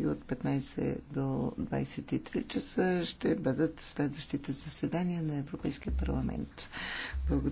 и от 15 до 23 часа ще бъдат следващите заседания на Европейския парламент. Благодаря.